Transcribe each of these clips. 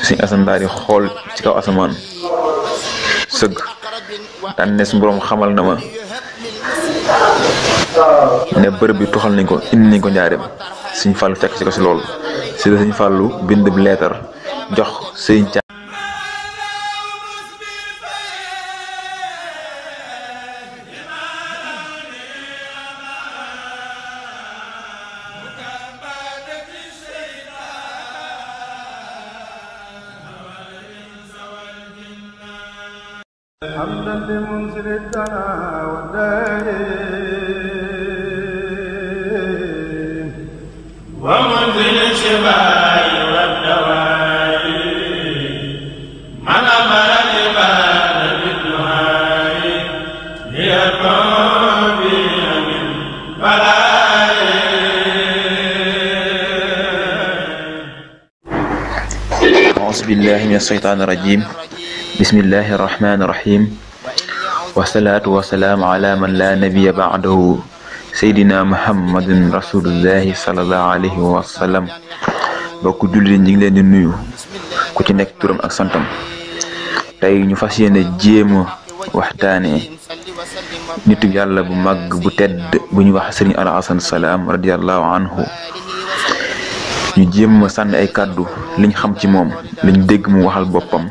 suñ asan daal di xool ci kaw asamaan sëgg daan su boroom xamal na ma ne bërëb bi toxal nañ ko indi nañ ko njaareem suñ fàllu fekk ci ko si lool si la suñ fàllu bind bi leetar jox sëñ حمدا لمنزل الدنا والدين ومنزل الشفاء والدواء من أعوذ بالله من الشيطان الرجيم bismillahi irrahmani irrahim wasalaatu wasalaamu ala man laa nabiya baadahu seydina muhammadun rasulullahi salallahu alayhi wa sallam mbokk jullit ñi leen di nuyu ku ci nekk turam ak santam tey ñu fas yéene jéema waxtaane nitu yàlla bu màgg bu tedd bu ñu wax sëriñ Al Hassane radiallahu anhu ñu jéem sànni ay kàddu liñ xam ci moom liñ dégg mu waxal boppam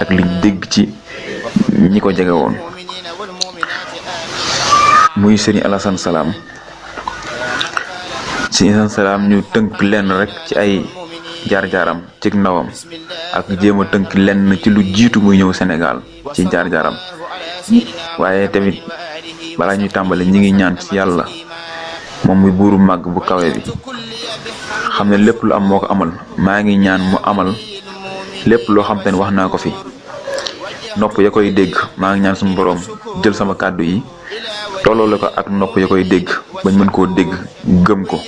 ak liñ dégg ci ñi ko jege woon muy sëriñ Alassane Salam sëriñ Alassane Salam ñu tënk lenn rek ci ay jaar-jaaram ci ndawam ak jéem a tënk lenn ci lu jiitu muy ñëw Sénégal ci jaar-jaaram waaye tamit balaa ñu tàmbali ñi ngi ñaan ci yàlla moom muy buuru màgg bu kawe bi xam ne lépp lu am moo ko amal maa ngi ñaan mu amal lépp loo xam te ne wax naa ko fi nopp ya koy dégg maa ñaan suñu boroom jël sama kàddu yi tolloole ko ak nopp ya koy dégg bañ mën koo dégg gëm ko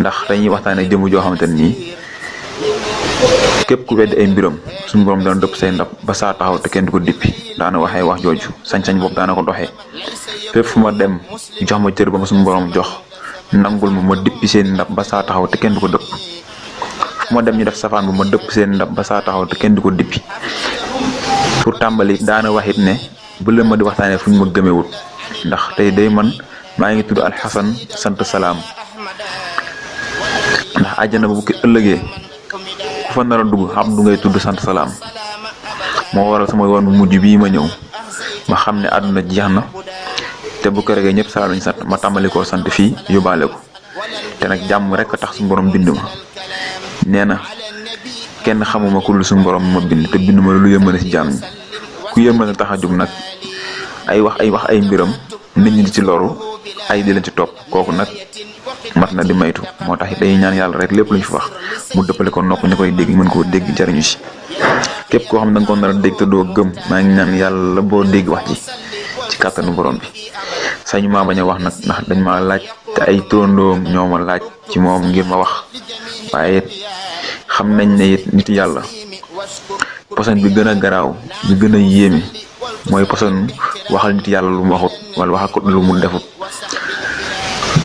ndax dañuy waxtaan ak jëmm joo xamante ne nii képp ku weddi ay mbiram suñu boroom dana dëpp see ndab ba saa taxaw te kenn du ko dippi daana waxee wax jooju sañ-sañ boobu daana ko doxee fépp fu ma dem jox ma cër ba ma suñu boroom jox nangul ma ma dippi seen ndab ba sa taxaw te kenn du ko dëpp fu ma dem ñu def safaan bu ma dëpp seen ndab ba sa taxaw te kenn du ko dippi pour tàmbali daana waxit ne bu le ma di waxtaanee fuñ ma gëmewut ndax tey day man maa ngi tudd alxasan sant salaam ndax àjjana bu ki ëllëgee ku fa nar a dugg du ngay tudd sant salaam moo waral sama yoon bu mujj bii ma ñëw ma xam ne àdduna té bu ko regee ñëpp saa lañu sant ma tàmbali ko sant fii yóbbaale ko té nak jamm rek tax suñu borom binduma néna kenn xamuma ku lu suñu borom mo bind té binduma lu yëmale ci jamm ku yëmale tax a jóg nag ay wax ay wax ay mbiram nit ñi di ci loru ay di lañ ci top koku nak mat na di maytu motax day ñaan yalla rek lepp luñ fi wax mu deppale ko nopp ñukoy dégg mën ko dégg jarñu ci kep ko xam na ko te do gëm ma ngi ñaan yalla bo dégg wax ci ci katanu borom bi sañu ma baña wax nak ndax dañ ma laaj te ay tondoom ñoma laaj ci mom ngir ma wax waye xam nañ ne it nit yalla poson bi gëna graw bi gëna yémi moy mooy waxal nit yalla lu mu waxut wala waxal ko lu mu defut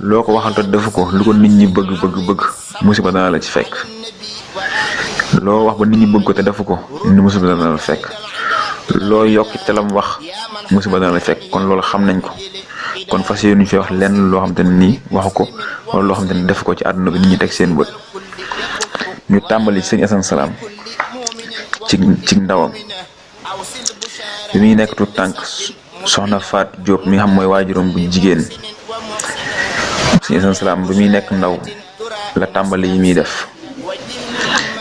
loko waxal ta defu ko lu ko nit ñi bëgg bëgg bëgg musiba dana la ci fekk lo wax ba nit ñi bëgg ko te defu ko ni musiba na la fekk lo yokk telam wax musiba na la fekk kon loolu xam nañ ko kon fas yéene fi wax lenn lo xamanteni ni waxuko wala lo xamanteni def ko ci aduna bi nit ñi tek seen bët ñu tambali seigne assane salam ci ci ndawam bi mi nekk tu tank soxna fat job mi xam moy wajurum bu jigen seigne assane salam bi mi nekk ndaw la tambali yi mi def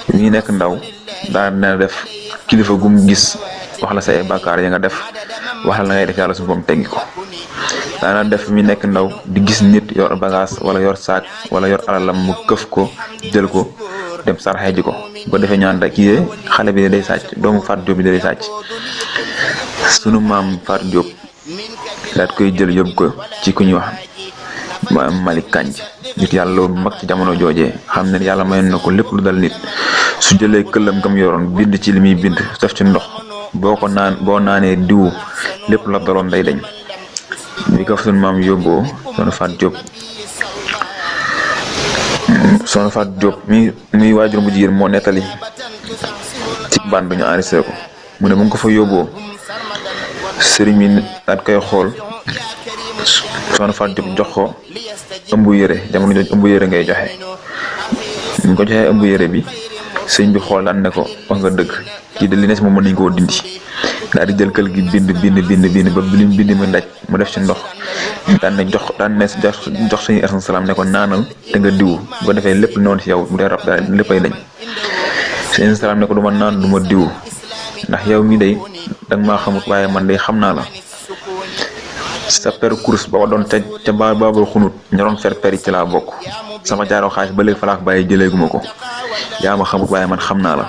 bi mi nekk ndaw da na def kilifa gum gis waxla say bakar ya nga def waxal na ngay def yalla bom teggiko daana def mi nekk ndaw di gis nit yor bagage wala yor saak wala yor alalam mu këf ko jël ko dem saraxe ji ko ba defee ñaan da xale bi day sàcc doomu Fatou Diop bi day sàcc sunu maam Fatou daat koy jël yóbbu ko ci ku ñuy wax Malick Kandji nit yàlla loolu mag ci jamono joojee xam ne yàlla mayoon na ko lépp lu dal nit su jëlee këllam kam yoroon bind ci li muy bind def ci ndox boo ko naan boo naanee diw lépp la daloon day dañ bi ko sun mam yobbo sono fat job sono fat job mi mi waajur bu jigen mo netali ci ban bu ñu arisé ko mu ne mu ko fa yobbo serigne mi daat koy xol sono fat job jox ko ëmbu yéré jamono ñu ëmbu yéré ngay joxé ñu ko joxé ëmbu yéré bi serigne bi xool daan ne ko wax nga dëgg kii de li nees dindi daal di jël kël gi bind bind bind bind ba bind bind mi ndaj mu def ci ndox daan ne jox daan ne jox suñu asan salaam ne ko naanal te nga diw bu ko defee lépp noonu ci yow mu dee rab daal léppay dañ suñu salaam ne ko du naan duma diw ndax yow mi day danga ma xamut waaye man day xam naa la sa per course ba ko doon ca ca ba baabal xunut ñoroon fer per yi ci laa bokk sama jaaro xaalis ba léegi falaax bàyyi jëleeguma ko yaa ma xamut waaye man xam naa la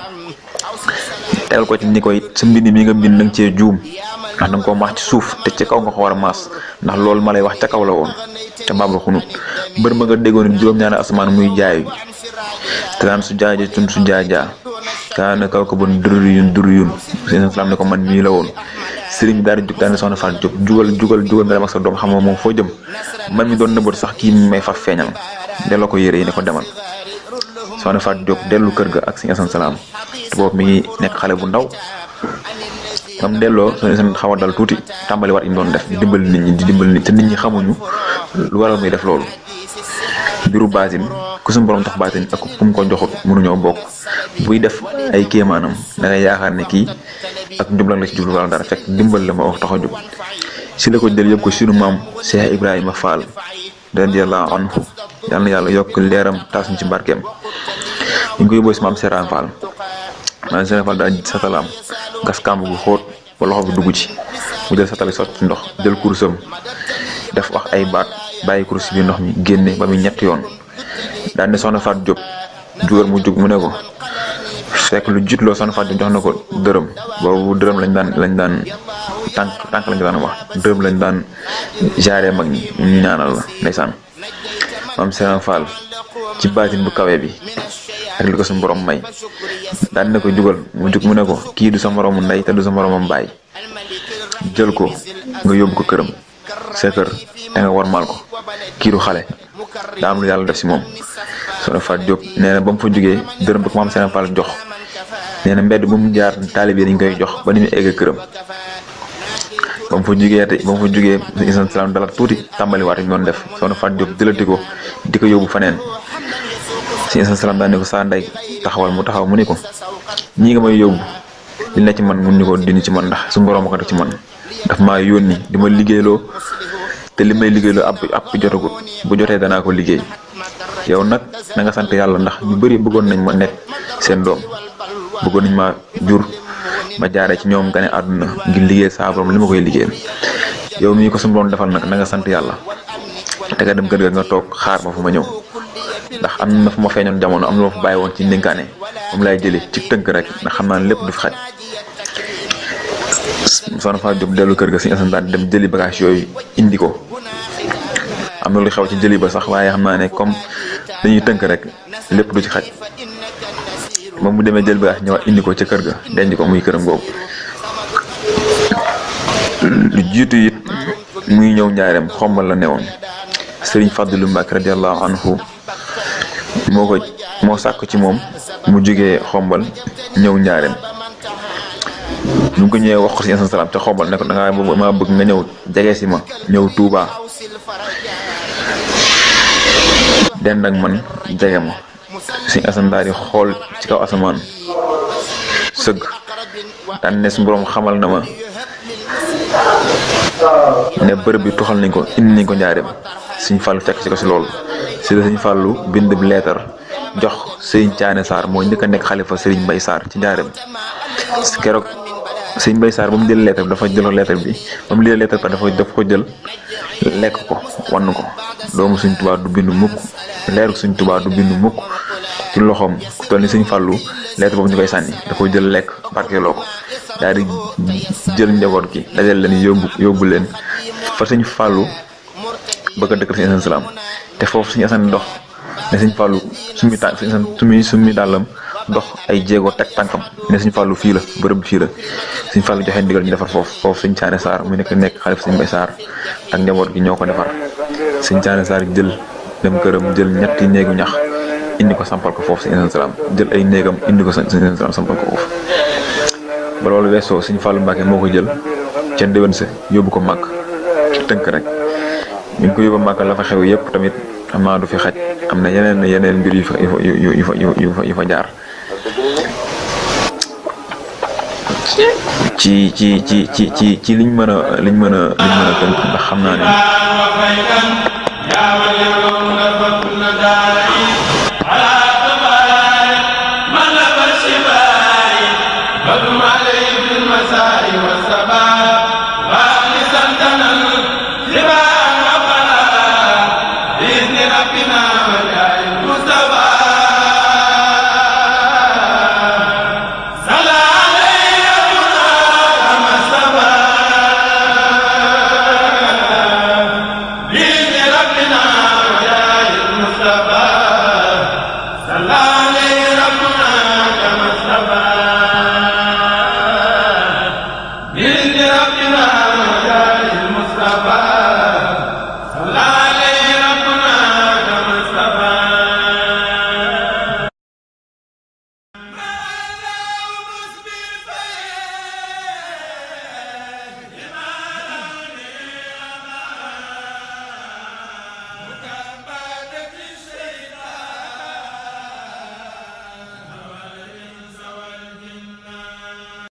tel ko ci ni ko it sa ni mi nga bind nang ci juum ndax nang ko maax ci souf te ci kaw nga ko war mas ndax lol malay wax ca kaw la won te baabul xunut beur ma nga déggoon juróom ñaari asman muy jaay te su jaaje tun su jaaja kaana kaw ko bon duruyun duruyun seen salam ne ko man mi la won serigne dar djuk tan jug fal djuk djugal djugal djugal jugal jugal sa xam mo man mi don sax ki may fa feñal ko yére ko demal soxna fat Diop delu keur ga ak sëñ Assane salam bob mi nek xale bu ndaw tam delo soxna sen xawa dal tuti tambali wat indon def dimbal nit ñi di dimbal nit te nit ñi xamuñu lu waral muy def lolu biru baatin ku sun borom tax baatin ak ku ko joxut ñoo bok buy def ay manam da nga yaakar ne ki ak njublan la ci jublu wala dara fek dimbal la ma wax tax a jub si la ko jël ko sunu mam Cheikh Ibrahima Fall dan dia yal na yàlla yokk leeram taas ci barkeem ñu koy boy maam Seraan Fall fal, Seraan Fall satalam gas kàmb gu xóot ba loxo bi dugg ci mu jël satali sot ci ndox jël kursam def wax ay baat bàyyi kurus bi ndox mi génne ba muy ñett yoon daal ne soxna Faat Jóob jugal mu jug mu ne ko fekk lu jitloo soxna Faat Jóob jox tank tank lañ daan wax dëm lañ daan jaaré mag ñi ñu ñaanal la ndeysaan mam seran fall ci batin bu kawé bi ak liko sun borom may daan nako jugal mu juk mu ne ko ki du sa morom nday te du sa morom bay jël ko nga yobbu ko kërëm sa kër da nga warmal ko ki du xalé da am lu yalla def ci mom na fat job neena bam fa jugé dërëm ko mam seran fall jox neena mbedd bu mu jaar talibé dañ koy jox ba ni mu égg kërëm bam fu fa jugee te bam mu fa jugee isaan salaam dalal tuuti tàmbaliwaat ñu def sonu Fatou Diop jëlati ko si insan salam daan ne ko saa ndey taxawal mu taxaw mu ne ko ñii nga may yobu li na ci man mu ñu ko dindi ci man ndax su borom ko ci man daf ma yoni dima liggeelo te limay liggeelo app app ab jotagut bu joté dana ko yow nak nga sante yalla ndax ñu bari bëggon nañ ma nek sen doom bëggon nañ ma jur ba jaaré ci ñoom gane aduna ngir liggé sa borom li ma koy liggéeyal yow mi ko suñu borom defal nak nga sant yalla te nga dem gëd nga tok xaar ba fuma ñew ndax am na fuma feñon jamono am lo fu bàyyi won ci ndénkaane moom lay jëlé ci teunk rek ndax xam naa du fi xaj soxna fa jop delu kër ga seigne assane di dem jëli bagage yoy indi ko am na lu xew ci jëli ba sax waye xam naa comme dañuy teunk rek lepp du ci xaj ba mu demee jël bagage ñëwaat indi ko ca kër ga denc ko muy këram googu lu jiitu it muy ñëw njaareem xombal la newoon sëriñ Fàddilu Mbàkke radiallahu anhu moo ko moo sàkk ci moom mu jógee xombal ñëw njaareem ñu ngi ko ñëwee wax ko si insan salaam ca xombal ne ko dangaa ma bëgg nga ñëw jege si ma ñëw Tuubaa dend man jege ma sëñ Assane xool ci kaw asamaan sëgg daan ne borom xamal na ma ne bërëb bi toxal nañ ko indi nañ ko njaareem suñ Fallou fekk ci ko si loolu si la sëñ Fallou bind bi leetar jox sëñ Caane saar moo njëkk a nekk xalifa sëriñ Mbay saar ci njaareem si keroog sëñ Mbay Sarr ba mu jël leetar bi dafa jëloo leetar bi ba mu lire leetar bi dafa ko jël lekk ko wann ko doomu suñ tubaa du bind mukk leeru suñ tubaa du bind mukk ci loxom ku tolni seigne fallu lettre bobu ñukay sanni da ko jël lek barké loko dal di jël njabot gi dajal leen yobbu yobbu leen fa seigne fallu bëgg dëkk seigne assane salam té fofu seigne assane dox né seigne fallu sumi ta seigne assane sumi sumi dalam dox ay jéego tek tankam né seigne fallu fi la bëreub fi la seigne fallu joxe ndigal ñu defar fofu fofu seigne tiare sar mu nekk nekk xalif seigne bay ak njabot gi ñoko defar seigne tiare sar jël dem kërëm jël ñetti neegu ñax indi ko sampal ko foofu si Inane jël ay néegam indi ko si Inane Salaam sampal ko foofu ba loolu weesoo suñu Fallou Mbacke moo ko jël ca déwén sa ko màkk tënk rek mi ngi ko yóbbu màkk la fa xew yépp tamit amaa du fi xaj am na yeneen yeneen mbir yu fa yu yu fa jaar. ci ci ci ci ci liñ mën a liñ mën a liñ mën a ndax xam naa ne.